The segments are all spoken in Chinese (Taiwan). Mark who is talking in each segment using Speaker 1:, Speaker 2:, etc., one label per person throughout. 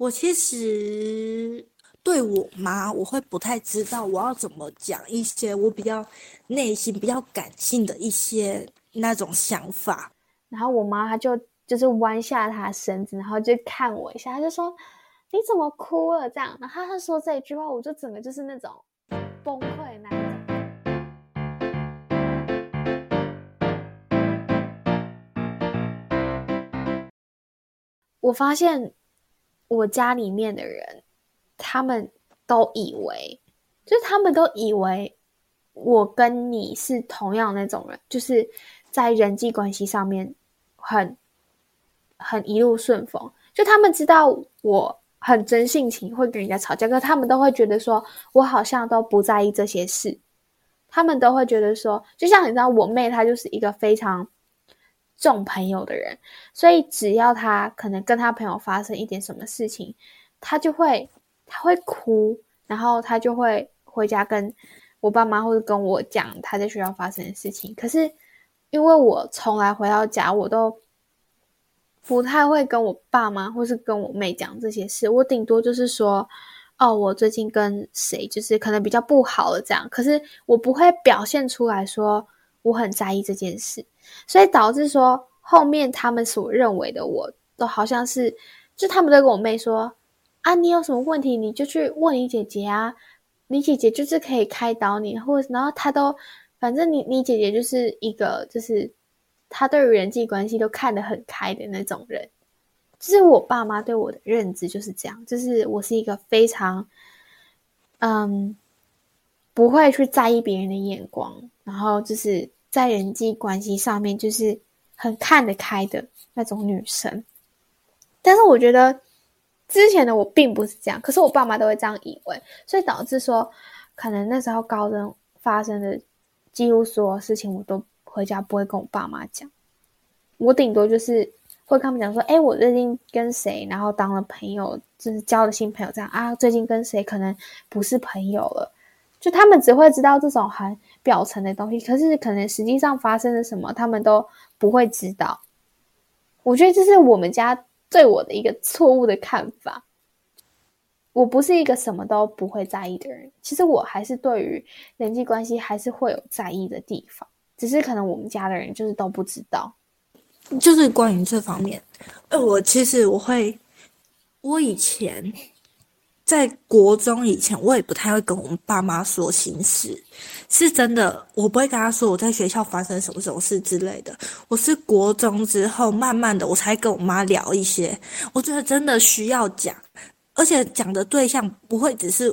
Speaker 1: 我其實對我媽，我會不太知道我要怎麼講一些我比較內心比較感性的一些那種想法，然後我媽她就就是彎
Speaker 2: 下她的身子，然後就看我一下，她就說：“你怎麼哭了？”這樣，然後她說這一句話，我就整個就是那種崩潰的那種。我發現。我家裡面的人，他們都以為，就是他們都以為我跟你是同樣那種人，就是在人際關係上面很很一路順風。就他們知道我很真性情，會跟人家吵架，可他們都會覺得說我好像都不在意這些事。他們都會覺得說，就像你知道，我妹她就是一個非常。重朋友的人，所以只要他可能跟他朋友發生一點什麼事情，他就會他會哭，然後他就會回家跟我爸媽或者跟我講他在學校發生的事情。可是因為我從來回到家，我都不太會跟我爸媽或是跟我妹講這些事，我頂多就是說，哦，我最近跟誰就是可能比較不好了這樣。可是我不會表現出來說。我很在意這件事，所以導致說後面他們所認為的我都好像是，就他們都跟我妹說：“啊，你有什麼問題你就去問你姐姐啊，你姐姐就是可以開導你，或者然後她都反正你你姐姐就是一個就是她對於人際關係都看得很開的那種人。”就是我爸媽對我的認知就是這樣，就是我是一個非常嗯。不會去在意別人的眼光，然後就是在人際關係上面就是很看得開的那種女生。但是我覺得之前的我並不是這樣，可是我爸媽都會這樣以為，所以導致說，可能那時候高中發生的幾乎所有事情，我都回家不會跟我爸媽講。我頂多就是會跟他們講說，哎、欸，我最近跟誰，然後當了朋友，就是交了新朋友這樣啊。最近跟誰可能不是朋友了。就他們只會知道這種很表層的東西，可是可能實際上發生了什麼，他們都不會知道。我覺得這是我們家對我的一個錯誤的看法。我不是一個什麼都不會在意的人，其實我還是對於人際關係還是會有在意的地方，只是可能我們家的人就是都不知道。
Speaker 1: 就是關於這方面，呃我其實我會，我以前。在國中以前，我也不太會跟我們爸媽說心事，是真的，我不會跟他說我在學校發生什麼什麼事之類的。我是國中之後，慢慢的我才跟我媽聊一些，我覺得真的需要講，而且講的對象不會只是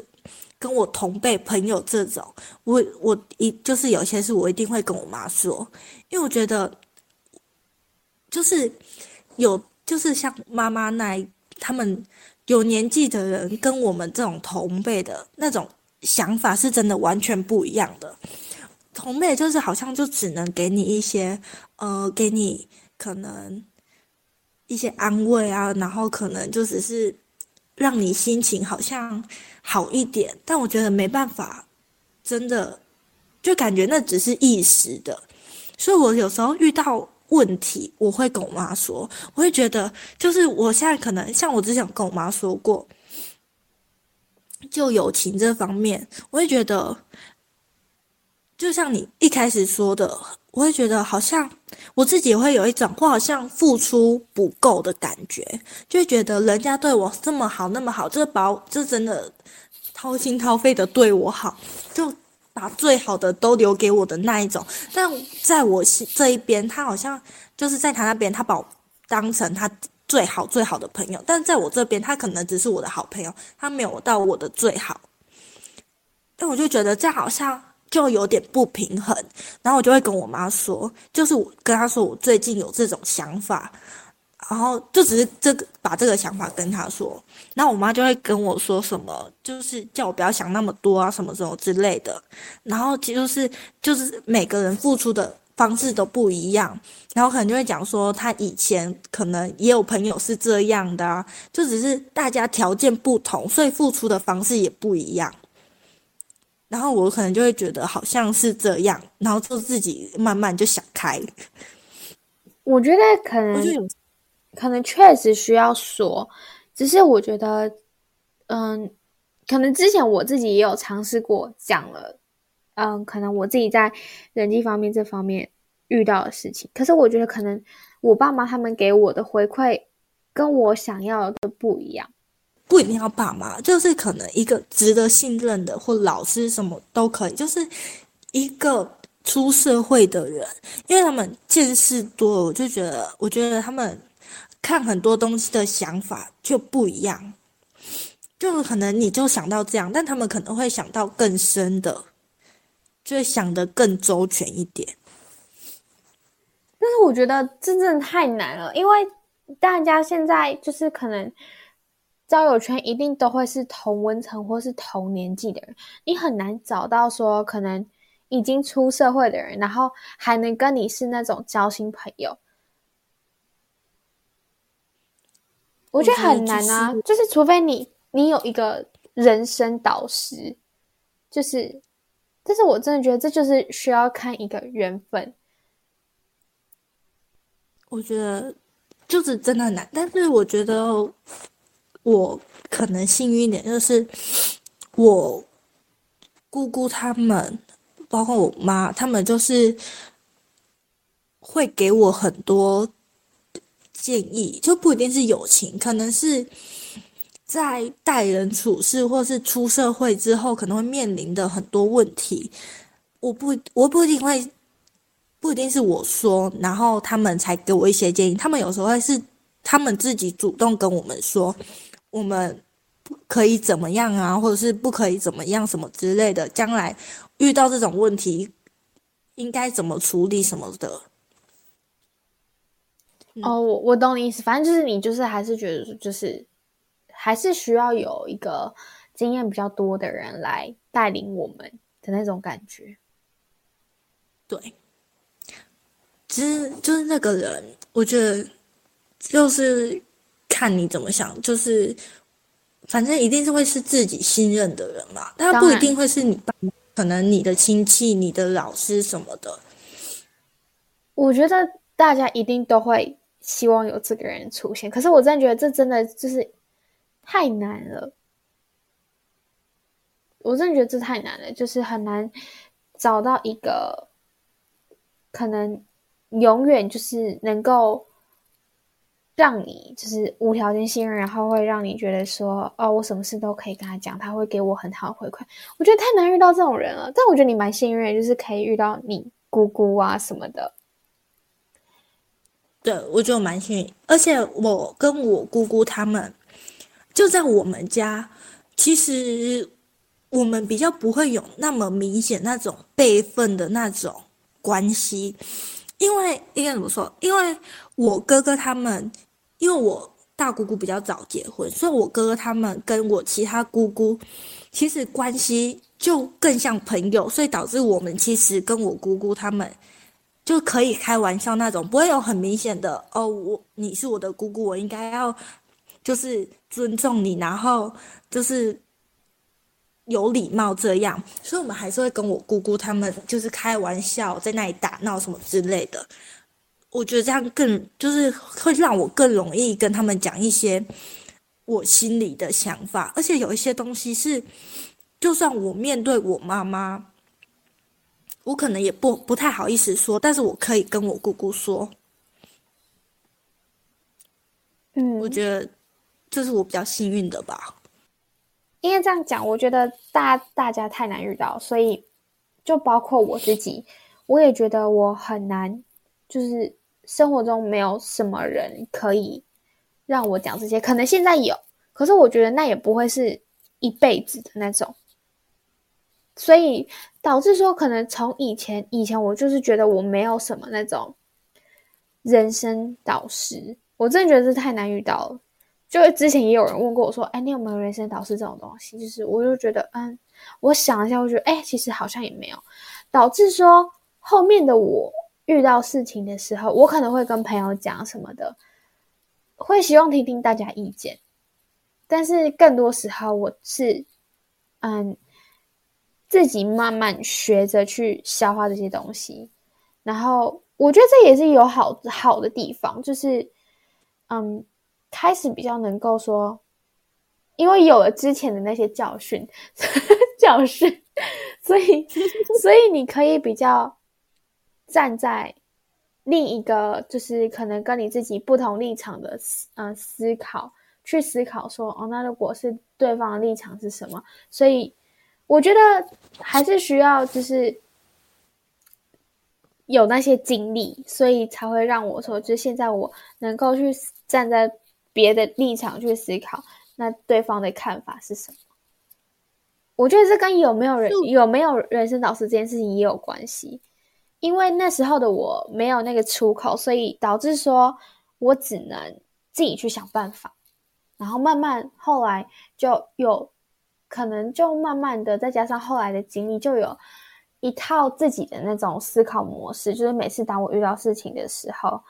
Speaker 1: 跟我同輩朋友這種。我我一就是有些事，我一定會跟我媽說，因為我覺得就，就是有就是像媽媽那他們，有年紀的人跟我們這種同輩的那種想法是真的完全不一樣的。同輩就是好像就只能給你一些，呃，給你可能一些安慰啊，然後可能就只是讓你心情好像好一點。但我覺得沒辦法，真的就感覺那只是一時的，所以我有時候遇到。問題我會跟我媽說，我會覺得就是我現在可能像我之前跟我媽說過，就友情這方面，我會覺得，就像你一開始說的，我會覺得好像我自己會有一種我好像付出不夠的感覺，就會覺得人家對我這麼好那麼好，這把這真的掏心掏肺的對我好，就。把最好的都留給我的那一種，但在我這一邊，他好像就是在他那邊，他把我當成他最好最好的朋友，但在我這邊，他可能只是我的好朋友，他沒有到我的最好。但我就覺得這樣好像就有點不平衡，然後我就會跟我媽說，就是我跟他說我最近有這種想法。然後就只是這個把這個想法跟他說，那我媽就會跟我說什麼，就是叫我不要想那麼多啊，什麼什麼之類的。然後其實就是就是每個人付出的方式都不一樣，然後可能就會講說他以前可能也有朋友是這樣的啊，就只是大家條件不同，所以付出的方式也不一樣。然後我可能就會覺得好像是這樣，然後就自己慢慢就想開。
Speaker 2: 我覺得可能。可能確實需要說，只是我覺得，嗯，可能之前我自己也有嘗試過講了，嗯，可能我自己在人際方面這方面遇到的事情，可是我覺得可能我爸媽他們給我的回饋跟我想要的不一樣，
Speaker 1: 不一定要爸媽，就是可能一個值得信任的或老師什麼都可以，就是一個出社會的人，因為他們見識多了，我就覺得，我覺得他們。看很多東西的想法就不一樣，就可能你就想到這樣，但他們可能會想到更深的，就會想得更周全一點，但是我覺得
Speaker 2: 真正太難了，因為大家現在就是可能交友圈一定都會是同溫層或是同年紀的人，你很難找到說可能已經出社會的人，然後還能跟你是那種交心朋友。
Speaker 3: 我覺得就是，我覺得很難啊，就是
Speaker 2: 除非你，你有一個人生導師，就是，但是我真的覺得這就是需要看一個緣分。
Speaker 1: 我覺得就是真的很難，但是我覺得我可能幸運一點，就是我姑姑他們，包括我媽，他們就是會給我很多。建議就不一定是友情，可能是在待人處事或是出社會之後可能會面臨的很多問題。我不，我不一定會，不一定是我說，然後他們才給我一些建議。他們有時候會是他們自己主動跟我們說，我們不可以怎麼樣啊，或者是不可以怎麼樣什麼之類的。將來遇到這種問題，應該怎麼處理什麼的。
Speaker 2: 哦，我我懂你意思，反正就是你就是還是覺得就是還是需要有一個經驗比較多的人來帶領我們的那種
Speaker 1: 感覺。對，其實就是那個人，我覺得就是看你怎麼想，就是反正一定是會是自己信任的人嘛，當然，但不一定會是你爸，可能你的親戚、你的老師什麼的。
Speaker 2: 我覺得大家一定都會。希望有這個人出現，可是我真的覺得這真的就是太難了。我真的覺得這太難了，就是很難找到一個可能永遠就是能夠讓你就是無條件信任，然後會讓你覺得說，哦，我什麼事都可以跟他講，他會給我很好的回饋。我覺得太難遇到這種人了，但我覺得你蠻幸運的，就是可以遇到你姑姑啊什麼的。
Speaker 1: 對，我覺得我蠻幸運，而且我跟我姑姑他們，就在我們家，其實我們比較不會有那麼明顯那種輩分的那種關係，因為應該怎麼說？因為我哥哥他們，因為我大姑姑比較早結婚，所以我哥哥他們跟我其他姑姑，其實關係就更像朋友，所以導致我們其實跟我姑姑他們，就可以開玩笑那種，不會有很明顯的哦，我你是我的姑姑，我應該要，就是尊重你，然後就是有禮貌這樣。所以我們還是會跟我姑姑他們就是開玩笑，在那裡打鬧什麼之類的。我覺得這樣更就是會讓我更容易跟他們講一些我心裡的想法，而且有一些東西是，就算我面對我媽媽，我可能也不不太好意思說，但是我可以跟我姑姑說，嗯，我覺得這是我比較幸運的吧。
Speaker 2: 因為這樣講，我覺得大大家太難遇到，所以就包括我自己，我也覺得我很難，就是生活中沒有什麼人可以讓我講這些。可能現在有，可是我覺得那也不會是一輩子的那種。所以導致說，可能從以前以前，以前我就是覺得我沒有什麼那種人生導師，我真的覺得是太難遇到了。就之前也有人問過我說：“哎、欸，你有沒有人生導師這種東西？”就是我就覺得，嗯，我想一下，我覺得，哎、欸，其實好像也沒有。導致說，後面的我遇到事情的時候，我可能會跟朋友講什麼的，會希望聽聽大家意見。但是更多時候，我是，嗯。自己慢慢學着去消化這些東西，然後我覺得這也是有好好的地方，就是嗯，開始比較能夠說，因為有了之前的那些教訓、教訓，所以所以你可以比較站在另一個就是可能跟你自己不同立場的思，嗯，思考去思考說哦，那如果是對方的立場是什麼？所以。我覺得還是需要，就是有那些經歷，所以才會讓我說，就現在我能夠去站在別的立場去思考，那對方的看法是什麼？我覺得這跟有沒有人有沒有人生導師這件事情也有關係，因為那時候的我沒有那個出口，所以導致說我只能自己去想辦法，然後慢慢後來就有。可能就慢慢的，再加上後來的經歷，就有一套自己的那種思考模式，就是每次當我遇到事情的時候，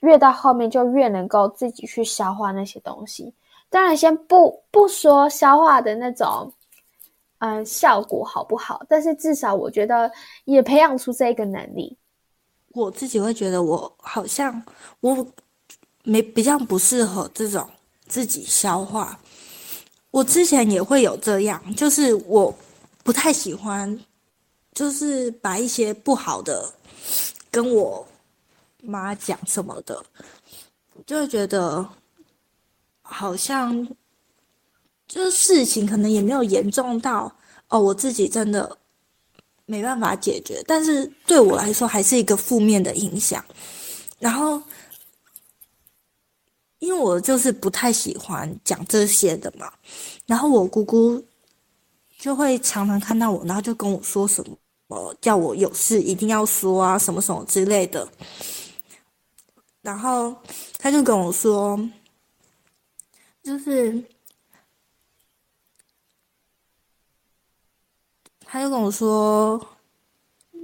Speaker 2: 越到後面就越能夠自己去消化那些東西。當然，先不不說消化的那種，嗯，效果好不好，但是至少我覺得也培養出這一個能力。
Speaker 1: 我自己會覺得，我好像我沒比較不適合這種自己消化。我之前也會有這樣，就是我不太喜歡，就是把一些不好的跟我媽講什麼的，就會覺得好像這事情可能也沒有嚴重到哦，我自己真的沒辦法解決，但是對我來說還是一個負面的影響，然後。因為我就是不太喜歡講這些的嘛，然後我姑姑就會常常看到我，然後就跟我說什麼，叫我有事一定要說啊，什麼什麼之類的。然後她就跟我說，就是，她就跟我說，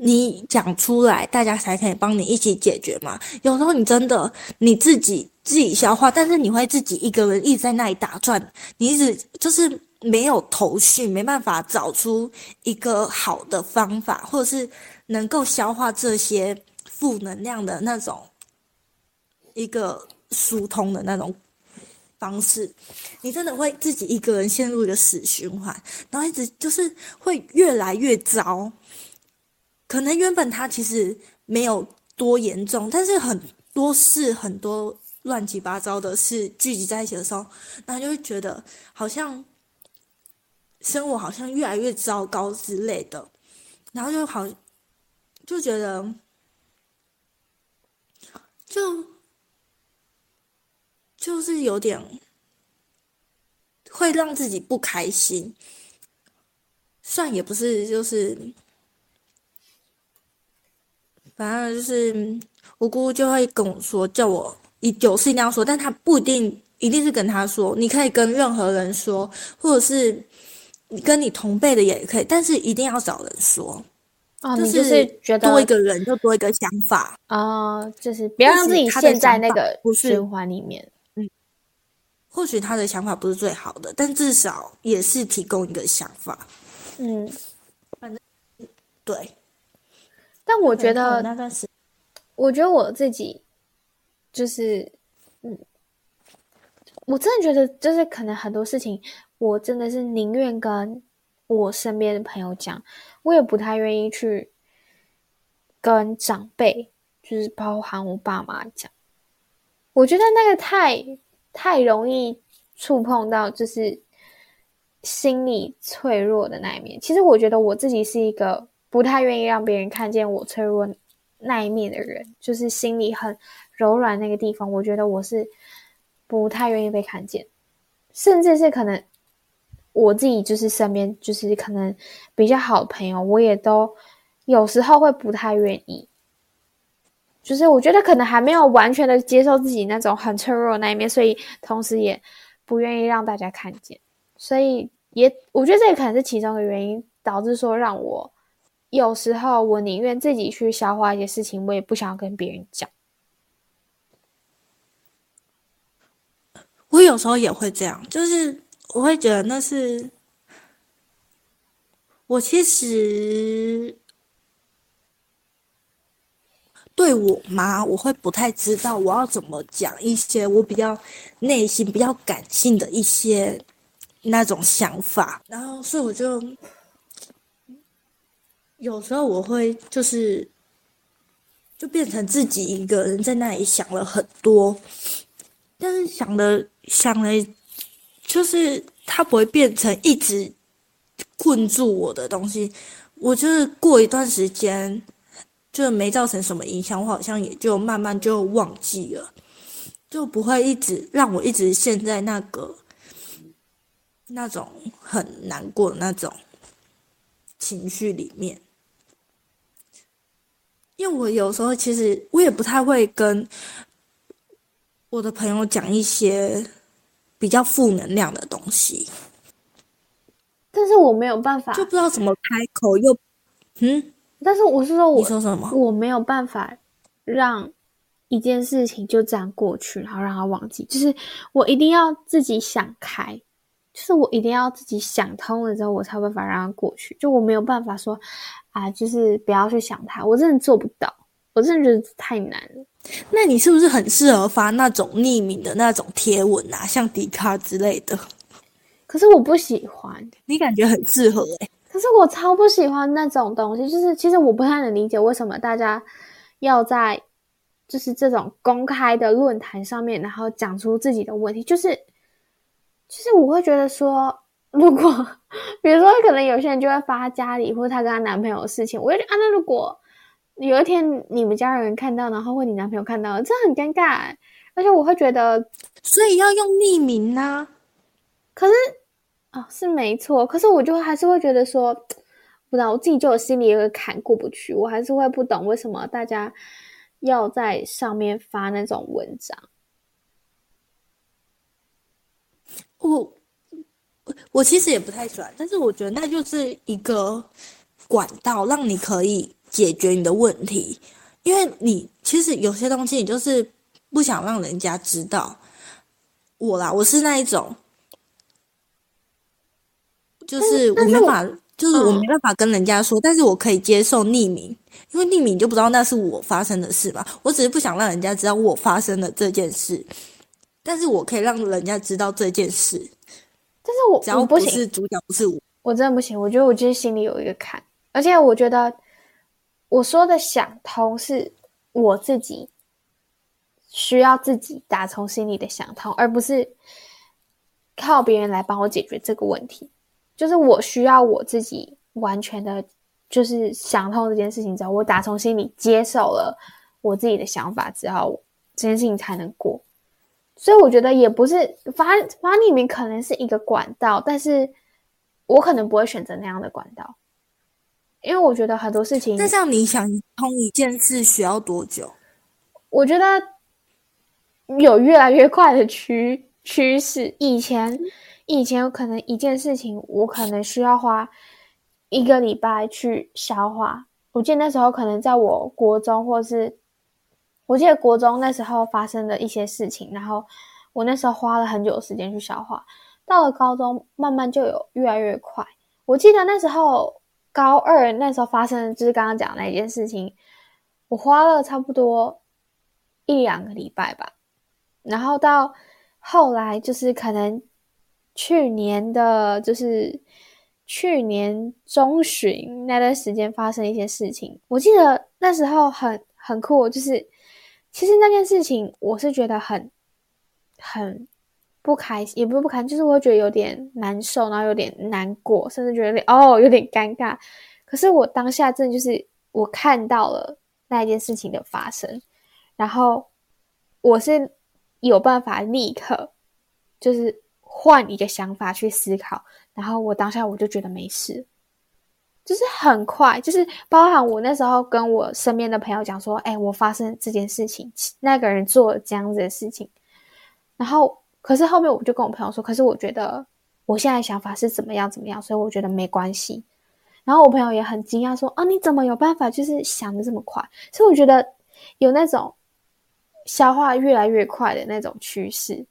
Speaker 1: 你講出來，大家才可以幫你一起解決嘛。有時候你真的，你自己。自己消化，但是你會自己一個人一直在那裡打轉，你一直就是沒有頭緒，沒辦法找出一個好的方法，或者是能夠消化這些負能量的那種一個疏通的那種方式，你真的會自己一個人陷入一個死循環，然後一直就是會越來越糟。可能原本它其實沒有多嚴重，但是很多事很多。亂七八糟的事，是聚集在一起的時候，那就會覺得好像生活好像越來越糟糕之類的，然後就好就覺得就就是有點會讓自己不開心，算也不是，就是反正就是我姑姑就會跟我說，叫我。你有事一定要說，但他不一定一定是跟他說，你可以跟任何人說，或者是你跟你同輩的也可以，但是一定要找人說，哦、就是覺得多一個人就多一個想法
Speaker 2: 啊、哦，就是不要讓自己陷在那個循
Speaker 1: 環裡面。嗯，或許他的想法不是最好的，但至少也是提供一個想法。嗯，反
Speaker 2: 正對，但我覺得、嗯、那時、個，我覺得我自己。就是，嗯，我真的覺得，就是可能很多事情，我真的是寧願跟我身邊的朋友講，我也不太願意去跟長輩，就是包含我爸媽講。我覺得那個太太容易觸碰到，就是心理脆弱的那一面。其實我覺得我自己是一個不太願意讓別人看見我脆弱的。那一面的人，就是心裡很柔軟那個地方。我覺得我是不太願意被看見，甚至是可能我自己就是身邊就是可能比較好的朋友，我也都有時候會不太願意。就是我覺得可能還沒有完全的接受自己那種很脆弱那一面，所以同時也不願意讓大家看見。所以也我覺得這也可能是其中的原因，導致說，讓我。有時候我寧願自己去消化一些事情，我也不想跟別人講。
Speaker 1: 我有時候也會這樣，就是我會覺得那是我其實對我媽，我會不太知道我要怎麼講一些我比較內心比較感性的一些那種想法，然後所以我就。有時候我會就是，就變成自己一個人在那裡想了很多，但是想了想了，就是他不會變成一直困住我的東西。我就是過一段時間，就沒造成什麼影響，我好像也就慢慢就忘記了，就不會一直讓我一直陷在那個那種很難過的那種情緒裡面。因為我有時候其實我也不太會跟我的朋友講一些比較負能量的東西，
Speaker 2: 但是我沒有辦法，就
Speaker 1: 不知道怎麼開口又，又
Speaker 2: 嗯，但是我是說我。你說什麼？我沒有辦法讓一件事情就這樣過去，然後讓他忘記。就是我一定要自己想開，就是我一定要自己想通了之後，我才有辦法讓他過去。就我沒有辦法說。啊，就是不要去想他，我真的做不到，我真的覺得太難了。
Speaker 1: 那你是不是很適合發那種匿名的那種貼文啊，像迪卡之類的？可是我不喜歡。你感覺很適合哎、欸，
Speaker 2: 可是我超不喜歡那種東西。就是其實我不太能理解為什麼大家要在就是這種公開的論壇上面，然後講出自己的問題。就是其實、就是、我會覺得說。如果比如說，可能有些人就會發家裡或者她跟她男朋友的事情，我就啊，那如果有一天你們家人看到，然後或你男朋友看到，這很尷尬，而且我會覺得，所以要用匿名呢？啊？可是哦是沒錯，可是我就還是會覺得說，不知道我自己就有心裡有個坎過不去，我還是會不懂為什麼大家要在上面發那種文章，
Speaker 1: 我，哦。我其實也不太喜歡，但是我覺得那就是一個管道，讓你可以解決你的問題。因為你其實有些東西，你就是不想讓人家知道。我啦，我是那一種，就是我沒辦法，但是、但是我，就是我沒辦法跟人家說，嗯、但是我可以接受匿名，因為匿名就不知道那是我發生的事嘛。我只是不想讓人家知道我發生了這件事，但是我可以讓人家知道這件事。但是
Speaker 2: 我，我不行。
Speaker 1: 主角不是
Speaker 2: 我，我真的不行。我覺得我就是心裡有一個坎，而且我覺得我說的想通是我自己需要自己打從心裡的想通，而不是靠別人來幫我解決這個問題。就是我需要我自己完全的，就是想通這件事情之後，我打從心裡接受了我自己的想法之後，這件事情才能過。所以我覺得也不是，反反裡面可能是一個管道，但是我可能不會選擇那樣的管道，因為我覺得很多事情。那像你想通一件事需要多久？我覺得有越來越快的趨趨勢。以前以前可能一件事情，我可能需要花一個禮拜去消化。我記得那時候可能在我國中或是。我記得國中那時候發生的一些事情，然後我那時候花了很久的時間去消化。到了高中，慢慢就有越來越快。我記得那時候高二那時候發生的，的就是剛剛講的那一件事情，我花了差不多一兩個禮拜吧。然後到後來就是可能去年的，就是去年中旬那段時間發生一些事情。我記得那時候很很酷，就是。其實那件事情，我是覺得很很不開心，也不是不開心，就是我覺得有點難受，然後有點難過，甚至覺得有哦有點尷尬。可是我當下真的就是我看到了那一件事情的發生，然後我是有辦法立刻就是換一個想法去思考，然後我當下我就覺得沒事。就是很快，就是包含我那時候跟我身邊的朋友講說，哎、欸，我發生這件事情，那個人做了這樣子的事情，然後可是後面我就跟我朋友說，可是我覺得我現在想法是怎麼樣怎麼樣，所以我覺得沒關係。然後我朋友也很驚訝說，啊，你怎麼有辦法就是想得這麼快？所以我覺得有那種消化越來越快的那種趨勢。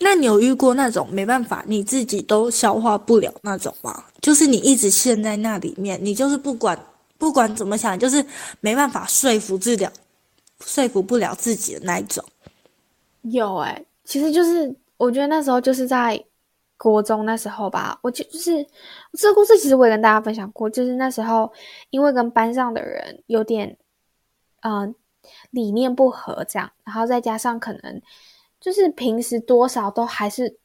Speaker 1: 那你有遇過那種沒辦法，你自己都消化不了那種嗎？就是你一直陷在那裡面，你就是不管不管，怎麼想，就是沒辦法說服自己，說服不了自己的那一種。
Speaker 2: 有欸，其實就是我覺得那時候就是在，國中那時候吧，我就就是，這個故事其實我也跟大家分享過，就是那時候因為跟班上的人有點，嗯，理念不合這樣，然後再加上可能。就是平時多少都還是，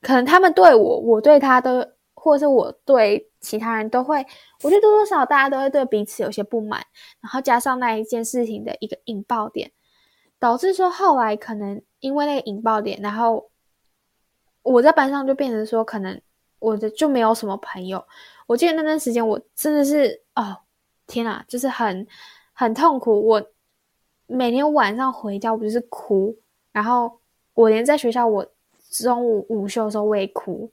Speaker 2: 可能他們對我，我對他都，或者是我對其他人都會，我覺得多多少少大家都會對彼此有些不滿，然後加上那一件事情的一個引爆點，導致說後來可能因為那個引爆點，然後我在班上就變成說，可能我就就沒有什麼朋友。我記得那段時間我真的是，哦天哪，就是很很痛苦。我每天晚上回家我就是哭，然後。我連在學校，我中午午休的時候我也哭，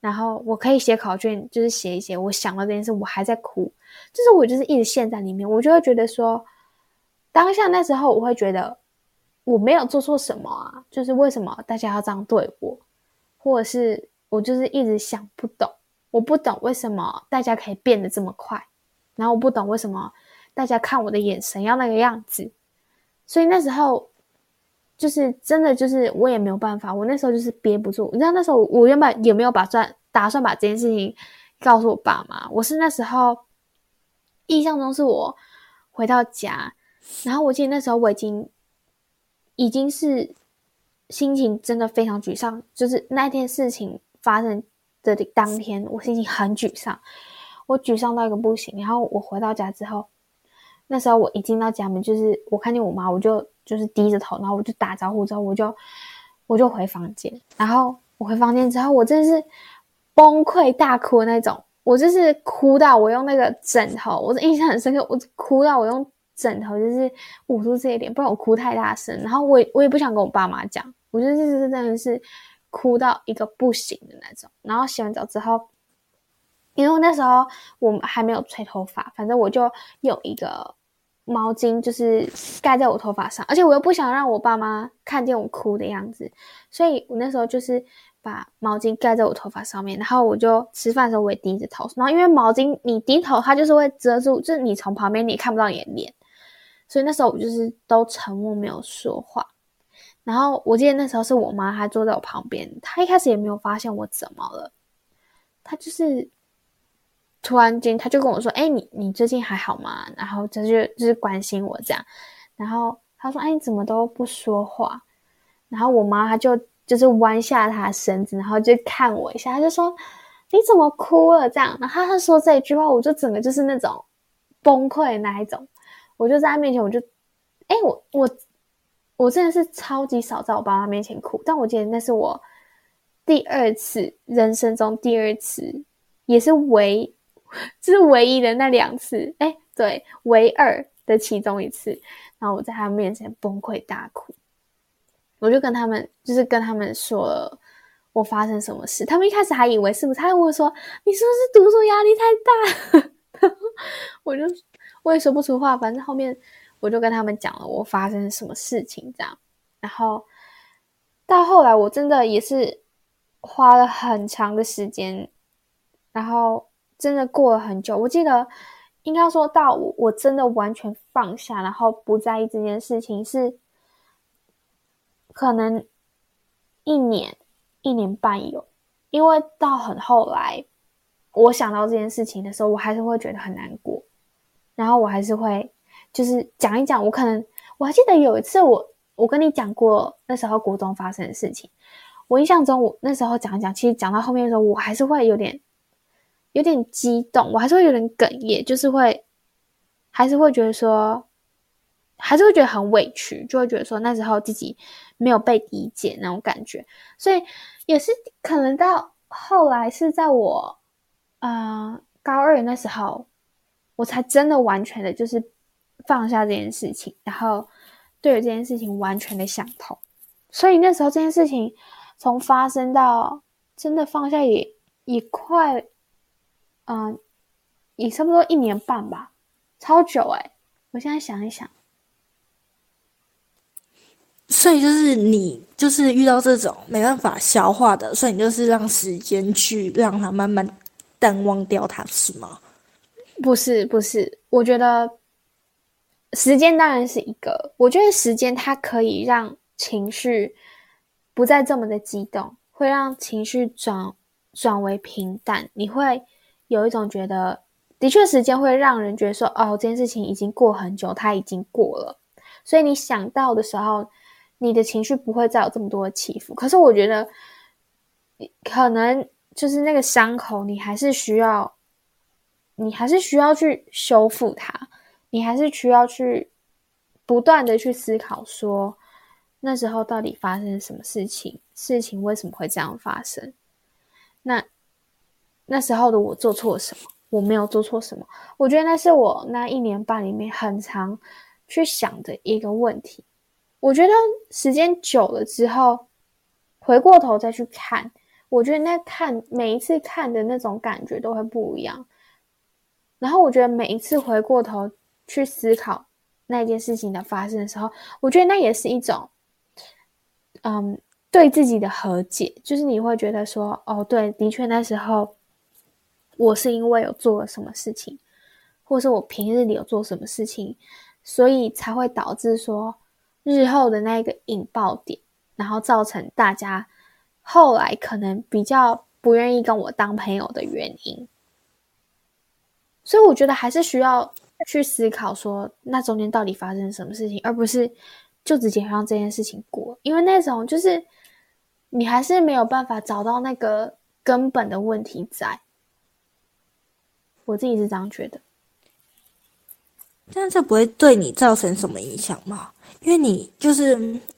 Speaker 2: 然後我可以寫考卷，就是寫一寫。我想了這件事，我還在哭，就是我就是一直陷在裡面，我就會覺得說，當下那時候我會覺得我沒有做錯什麼啊，就是為什麼大家要這樣對我，或者是我就是一直想不懂，我不懂為什麼大家可以變得這麼快，然後我不懂為什麼大家看我的眼神要那個樣子，所以那時候。就是真的，就是我也沒有辦法。我那時候就是憋不住，你知道那時候我原本也沒有打算打算把這件事情告訴我爸媽。我是那時候印象中是我回到家，然後我記得那時候我已經已經是心情真的非常沮喪。就是那天事情發生的當天，我心情很沮喪，我沮喪到一個不行。然後我回到家之後，那時候我一進到家門，就是我看見我媽，我就。就是低着頭，然後我就打招呼之後，我就我就回房間，然後我回房間之後，我真是崩潰大哭的那種，我就是哭到我用那個枕頭，我的印象很深刻，我哭到我用枕頭就是捂住這一點，不然我哭太大聲，然後我也我也不想跟我爸媽講，我就是真的是哭到一個不行的那種。然後洗完澡之後，因為那時候我還沒有吹頭髮，反正我就有一個。毛巾就是蓋在我頭髮上，而且我又不想讓我爸媽看見我哭的樣子，所以我那時候就是把毛巾蓋在我頭髮上面，然後我就吃飯的時候我也低着頭，然後因為毛巾你低頭它就是會遮住，就是你從旁邊你看不到你的臉，所以那時候我就是都沉默沒有說話，然後我記得那時候是我媽她坐在我旁邊，她一開始也沒有發現我怎麼了，她就是。突然間，他就跟我說：“哎、欸，你你最近還好嗎？”然後他就就是關心我這樣。然後他說：“哎、欸，你怎麼都不說話？”然後我媽她就就是彎下她的身子，然後就看我一下，她就說：“你怎麼哭了？”這樣，然後她說這一句話，我就整個就是那種崩潰的那一種。我就在她面前我、欸，我就哎我我我真的是超級少在我爸媽面前哭，但我記得那是我第二次人生中第二次，也是唯就是唯一的那兩次，哎、欸，對，唯二的其中一次。然後我在他們面前崩潰大哭，我就跟他們，就是跟他們說了我發生什麼事。他們一開始還以為是不是，他跟我說你是不是讀書壓力太大？ 我就我也說不出話，反正後面我就跟他們講了我發生什麼事情這樣。然後到後來，我真的也是花了很長的時間，然後。真的過了很久，我記得應該說到我我真的完全放下，然後不在意這件事情是可能一年一年半有，因為到很後來，我想到這件事情的時候，我還是會覺得很難過，然後我還是會就是講一講。我可能我還記得有一次我我跟你講過那時候國中發生的事情，我印象中我那時候講一講，其實講到後面的時候，我還是會有點。有點激動，我還是會有點哽咽，就是會，還是會覺得說，還是會覺得很委屈，就會覺得說那時候自己沒有被理解那種感覺，所以也是可能到後來是在我，嗯、呃，高二那時候，我才真的完全的就是放下這件事情，然後對這件事情完全的想通，所以那時候這件事情從發生到真的放下也也快。嗯，也差不多一年半吧，超久欸！我現在想一想，
Speaker 3: 所
Speaker 1: 以就是你就是遇到這種沒辦法消化的，所以你就是讓時間去讓它慢慢淡忘掉它，是嗎？
Speaker 2: 不是不是，我覺得時間當然是一個，我覺得時間它可以讓情緒不再這麼的激動，會讓情緒轉轉為平淡，你會。有一種覺得，的確，時間會讓人覺得說，哦，這件事情已經過很久，它已經過了。所以你想到的時候，你的情緒不會再有這麼多的起伏。可是我覺得，可能就是那個傷口，你還是需要，你還是需要去修復它，你還是需要去不斷的去思考說，說那時候到底發生什麼事情，事情為什麼會這樣發生？那。那時候的我做錯了什麼？我沒有做錯什麼。我覺得那是我那一年半裡面很常去想的一個問題。我覺得時間久了之後，回過頭再去看，我覺得那看每一次看的那種感覺都會不一樣。然後我覺得每一次回過頭去思考那件事情的發生的時候，我覺得那也是一種，嗯，對自己的和解。就是你會覺得說，哦，對，的確那時候。我是因為有做了什麼事情，或者是我平日裡有做什麼事情，所以才會導致說日後的那個引爆點，然後造成大家後來可能比較不願意跟我當朋友的原因。所以我覺得還是需要去思考說，那中間到底發生什麼事情，而不是就直接讓這件事情過，因為那種就是你還是沒有辦法找到那個根本的問題在。我自己是這樣覺得，
Speaker 1: 但這不會對你造成什麼影響嗎？因為你就是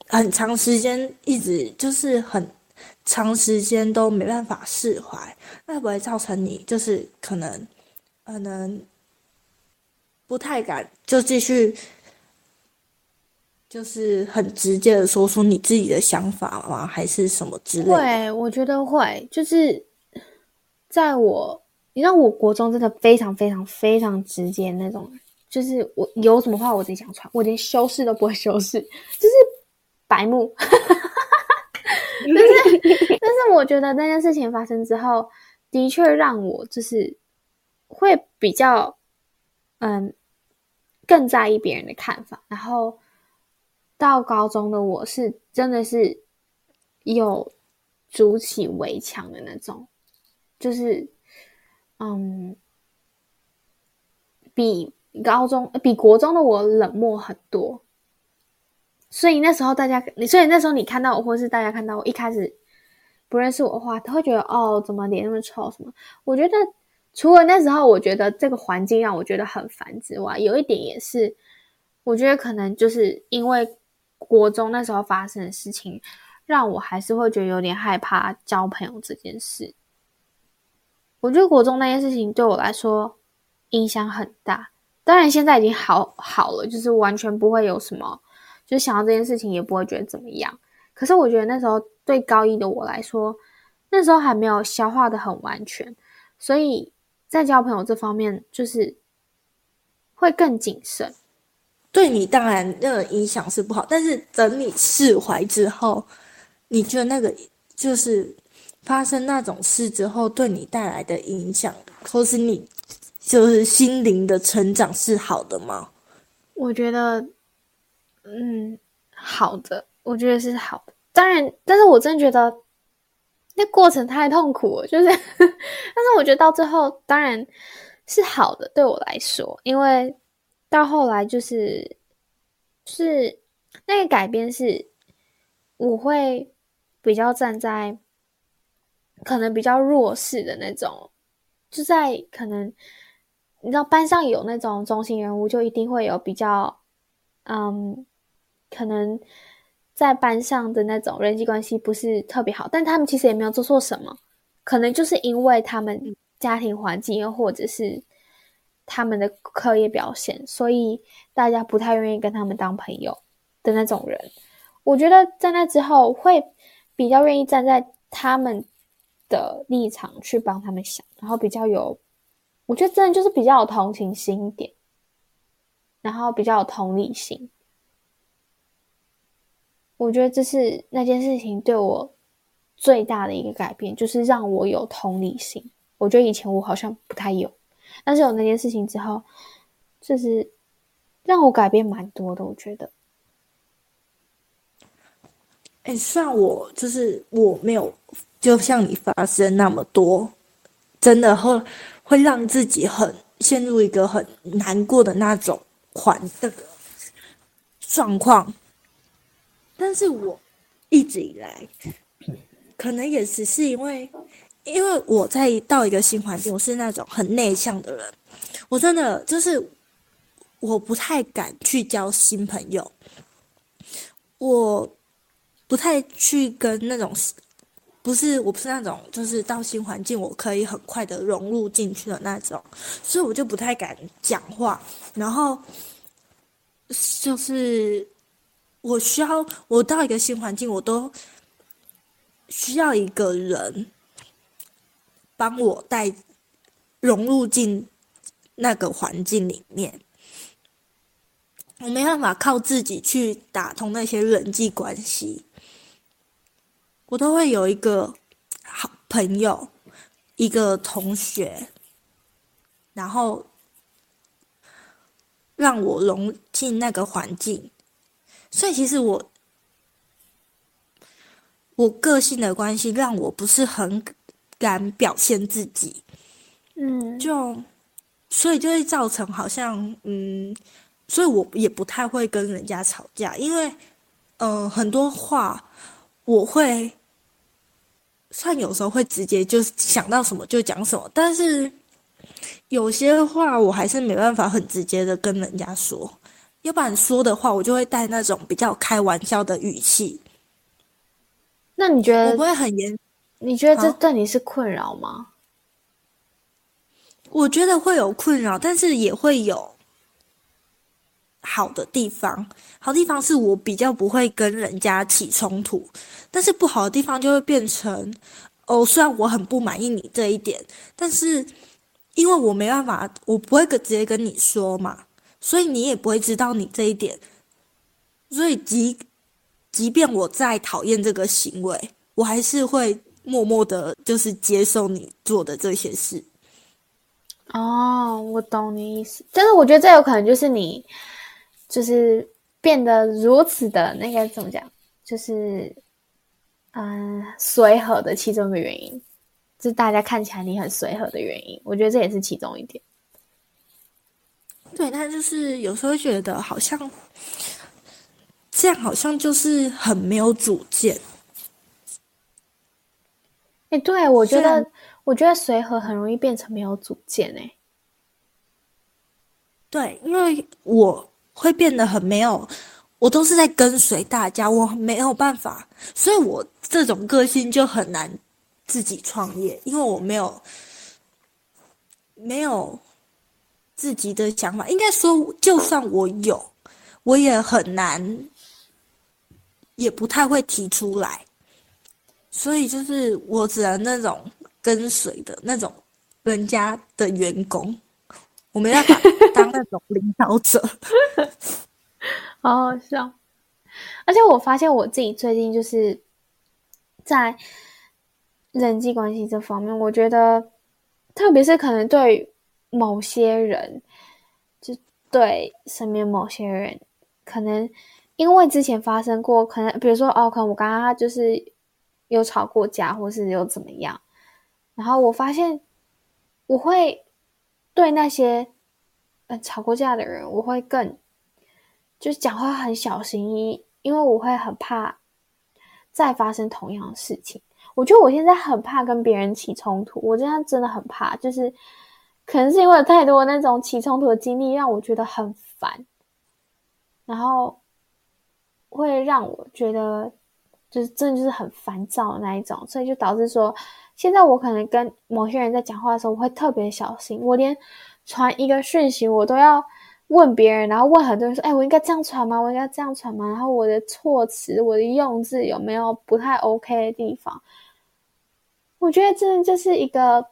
Speaker 1: 很長時間一直就是很長時間都沒辦法釋懷，那會不會造成你就是可能可能不太敢就繼續就是很直接的說出你自己的想法嗎？還是什麼之類的？會，
Speaker 2: 我覺得會，就是在我。你知道，我國中真的非常非常非常直接那種，就是我有什麼話我自己講出來，我連修飾都不會修飾，就是白目。哈哈哈，但是，但是就是我覺得那件事情發生之後，的確讓我就是會比較嗯，更在意別人的看法。然後到高中的我是真的是有築起圍牆的那種，就是。嗯，比高中，比國中的我冷漠很多，所以那時候大家你，所以那時候你看到我，或是大家看到我，一開始不認識我的話，他會覺得哦，怎麼臉那麼臭什麼？我覺得除了那時候，我覺得這個環境讓我覺得很煩之外，有一點也是，我覺得可能就是因為國中那時候發生的事情，讓我還是會覺得有點害怕交朋友這件事。我覺得國中那件事情對我來說影響很大，當然現在已經好好了，就是完全不會有什麼，就想到這件事情也不會覺得怎麼樣。可是我覺得那時候對高一的我來說，那時候還沒有消化得很完全，所以在交朋友這方面就是會
Speaker 1: 更謹慎。對，你當然那個影響是不好，但是等你釋懷之後，你覺得那個就是。發生那種事之後，對你帶來的影響，或是你就是心靈的成長是好的嗎？
Speaker 2: 我覺得，嗯，好的，我覺得是好的。當然，但是我真覺得那過程太痛苦了，就是， 但是我覺得到最後當然是好的，對我來說，因為到後來就是、就是那個改變是，我會比較站在。可能比較弱勢的那種，就在可能你知道班上有那種中心人物，就一定會有比較，嗯，可能在班上的那種人際關係不是特別好，但他們其實也沒有做錯什麼，可能就是因為他們家庭環境，又或者是他們的課業表現，所以大家不太願意跟他們當朋友的那種人。我覺得在那之後會比較願意站在他們的立場去幫他們想，然後比較有，我覺得真的就是比較有同情心一點，然後比較有同理心。我覺得這是那件事情對我最大的一個改變，就是讓我有同理心。我覺得以前我好像不太有，但是有那件事情之後，就是讓我改變蠻多的。我覺得，
Speaker 1: 哎、欸，算我就是我沒有。就像你發生那麼多，真的會會讓自己很陷入一個很難過的那種環的狀況。但是我一直以來，可能也只是因為，因為我在到一個新環境，我是那種很內向的人，我真的就是我不太敢去交新朋友，我不太去跟那種。不是，我不是那種就是到新環境我可以很快的融入進去的那種，所以我就不太敢講話。然後，就是我需要我到一個新環境，我都需要一個人幫我帶融入進那個環境裡面。我沒辦法靠自己去打通那些人際關係。我都會有一個好朋友，一個同學，然後讓我融進那個環境，所以其實我我個性的關係讓我不是很敢表現自己，嗯，就所以就會造成好像嗯，所以我也不太會跟人家吵架，因為嗯、呃、很多話。我會算有時候會直接就想到什麼就講什麼，但是有些話我還是沒辦法很直接的跟人家說，要不然說的話我就會帶那種比較開玩笑的語氣。
Speaker 2: 那你覺得？我會很嚴。你覺得這對你是困擾嗎？
Speaker 1: 啊？我覺得會有困擾，但是也會有。好的地方，好地方是我比較不會跟人家起衝突，但是不好的地方就會變成，哦，雖然我很不滿意你這一點，但是因為我沒辦法，我不會跟直接跟你說嘛，所以你也不會知道你這一點，所以即即便我再討厭這個行為，我還是會默默的，就是接受你做的這些事。
Speaker 2: 哦，我懂你意思，但是我覺得這有可能就是你。就是變得如此的，那個怎麼講？就是，嗯、呃，隨和的其中的原因，就是大家看起來你很隨和的原因。我覺得這也是其中一點。
Speaker 1: 對，但就是有時候覺得好像這樣，好像就是很沒有主見。
Speaker 2: 哎、欸，對，我覺得，然我覺得隨和很容易變成沒有主見、欸。哎，
Speaker 1: 對，因為我。會變得很沒有，我都是在跟隨大家，我沒有辦法，所以我這種個性就很難自己創業，因為我沒有沒有自己的想法，應該說，就算我有，我也很難，也不太會提出來，所以就是我只能那種跟隨的那種人家的員工。我們要當那種
Speaker 3: 領
Speaker 2: 導者， 好好笑。而且我發現我自己最近就是在人際關係這方面，我覺得，特別是可能對某些人，就對身邊某些人，可能因為之前發生過，可能比如說哦，可能我剛剛就是有吵過架，或是有怎麼樣，然後我發現我會。對那些嗯吵過架的人，我會更就是講話很小心翼翼，因為我會很怕再發生同樣的事情。我覺得我現在很怕跟別人起衝突，我現在真的很怕，就是可能是因為有太多那種起衝突的經歷，讓我覺得很煩，然後會讓我覺得就是真的就是很煩躁的那一種，所以就導致說。現在我可能跟某些人在講話的時候，我會特別小心。我連傳一個訊息，我都要問別人，然後問很多人說：“哎，我應該這樣傳嗎？我應該這樣傳嗎？”然後我的措辭、我的用字有沒有不太 OK 的地方？我覺得這就是一個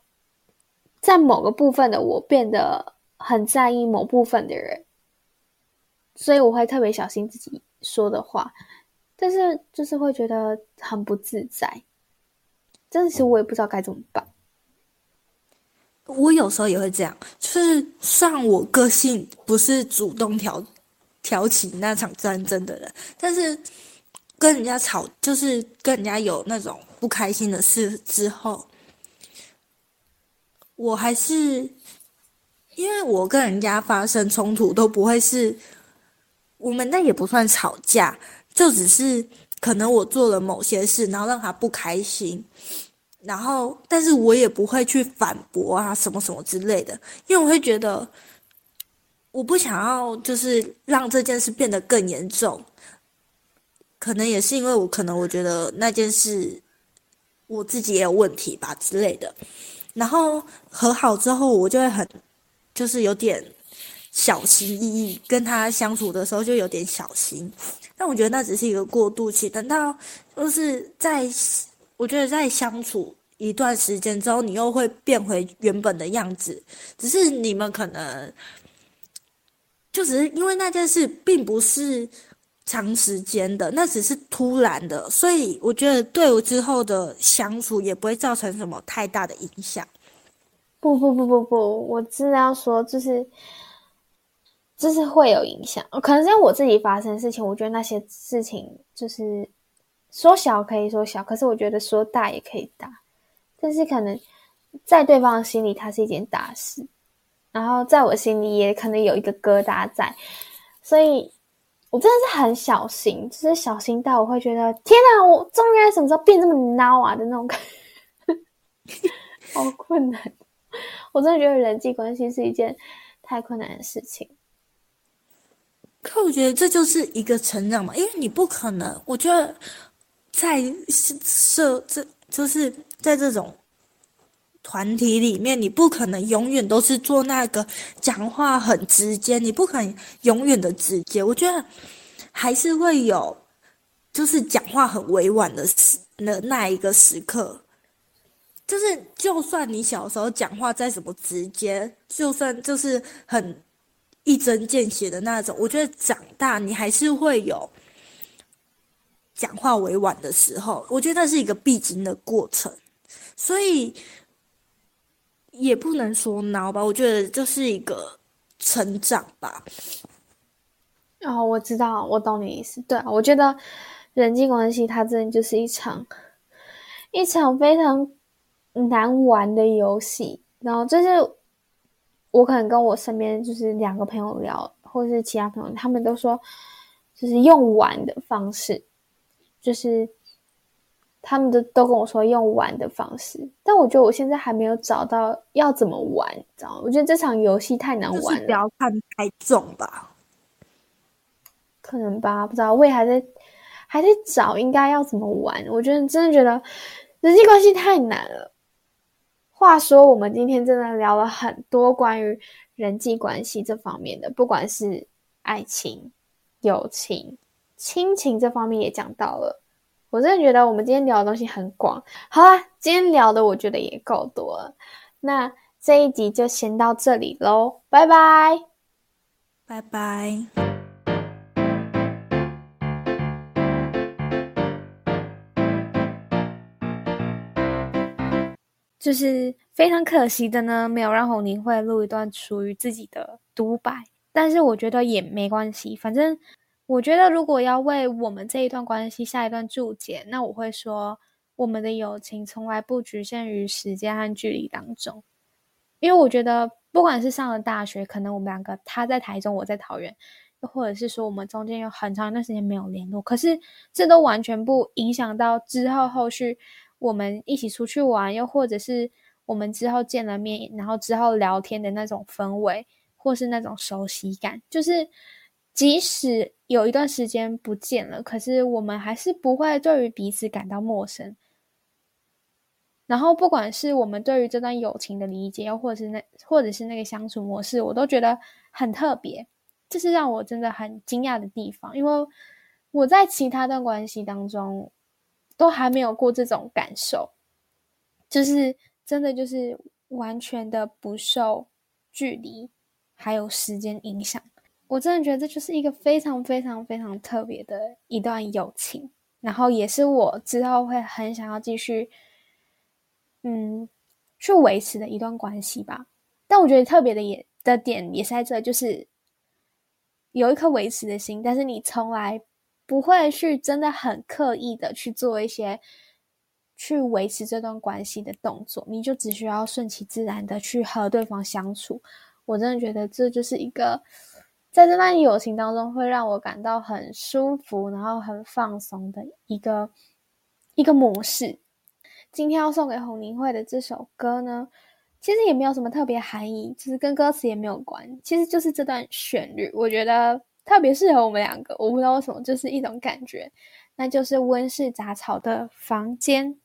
Speaker 2: 在某個部分的我變得很在意某部分的人，所以我會特別小心自己說的話，但是就是會覺得很不自在。真的是我也不知道該怎麼辦。
Speaker 1: 我有時候也會這樣，就是算我個性不是主動挑，挑起那場戰爭的人，但是跟人家吵，就是跟人家有那種不開心的事之後，我還是，因為我跟人家發生衝突都不會是，我們那也不算吵架，就只是。可能我做了某些事，然後讓他不開心，然後但是我也不會去反駁啊，什麼什麼之類的，因為我會覺得，我不想要就是讓這件事變得更嚴重。可能也是因為我可能我覺得那件事，我自己也有問題吧之類的，然後和好之後我就會很，就是有點。小心翼翼跟他相處的時候就有點小心，但我覺得那只是一個過渡期。等到就是在我覺得在相處一段時間之後，你又會變回原本的樣子。只是你們可能，就只是因為那件事並不是長時間的，那只是突然的，所以我覺得對我之後的相處也不會造成什麼太大的影響。
Speaker 2: 不不不不不，我知道要說就是。就是會有影響，可能是因為我自己發生的事情，我覺得那些事情就是說小可以說小，可是我覺得說大也可以大。但是可能在對方的心裡，它是一件大事，然後在我心裡也可能有一個疙瘩在，所以我真的是很小心，就是小心到我會覺得天哪，我終於什麼時候變這麼孬啊的那種感覺。 好困難。我真的覺得人際關係是一件太困難的事情。
Speaker 1: 可我覺得這就是一個成長嘛，因為你不可能，我覺得在，在社這就是在這種團體裡面，你不可能永遠都是做那個講話很直接，你不可能永遠的直接。我覺得還是會有，就是講話很委婉的時那那一個時刻，就是就算你小時候講話再怎麼直接，就算就是很。一針見血的那種，我覺得長大你還是會有講話委婉的時候，我覺得那是一個必經的過程，所以也不能說孬吧，我覺得就是一個成長吧。
Speaker 2: 哦，我知道，我懂你的意思。對，我覺得人際關係它真的就是一場一場非常難玩的遊戲，然後就是。我可能跟我身邊就是兩個朋友聊，或者是其他朋友，他們都說就是用玩的方式，就是他們都都跟我說用玩的方式，但我覺得我現在還沒有找到要怎麼玩，你知道嗎？我覺得這場遊戲太難玩了，不要看太重吧，可能吧，不知道，我也還在還在找應該要怎麼玩，我覺得真的覺得人際關係太難了。話說，我們今天真的聊了很多關於人際關係這方面的，不管是愛情、友情、親情這方面也講到了。我真的覺得我們今天聊的東西很廣。好啦，今天聊的我覺得也夠多了，那這一集就先到這裡嘍，拜拜，拜拜。就是非常可惜的呢，沒有讓洪寧會錄一段屬於自己的獨白。但是我覺得也沒關係，反正我覺得如果要為我們這一段關係下一段注解，那我會說，我們的友情從來不局限於時間和距離當中。因為我覺得不管是上了大學，可能我們兩個，他在台中，我在桃園，又或者是說我們中間有很長一段時間沒有聯絡，可是這都完全不影響到之後後續。我們一起出去玩，又或者是我們之後見了面，然後之後聊天的那種氛圍，或是那種熟悉感，就是即使有一段時間不見了，可是我們還是不會對於彼此感到陌生。然後，不管是我們對於這段友情的理解，又或者是那或者是那個相處模式，我都覺得很特別，這是讓我真的很驚訝的地方，因為我在其他段關係當中。都還沒有過這種感受，就是真的，就是完全的不受距離還有時間影響。我真的覺得這就是一個非常非常非常特別的一段友情，然後也是我知道會很想要繼續，嗯，去維持的一段關係吧。但我覺得特別的也的點也在這，就是有一顆維持的心，但是你從來。不會去真的很刻意的去做一些去維持這段關係的動作，你就只需要順其自然的去和對方相處。我真的覺得這就是一個在這段友情當中會讓我感到很舒服，然後很放鬆的一個一個模式。今天要送給洪凝慧的這首歌呢，其實也沒有什麼特別的含義，其實跟歌詞也沒有關，其實就是這段旋律，我覺得。特別適合我們兩個，我不知道為什麼，就是一種感覺，那就是溫室雜草的房間。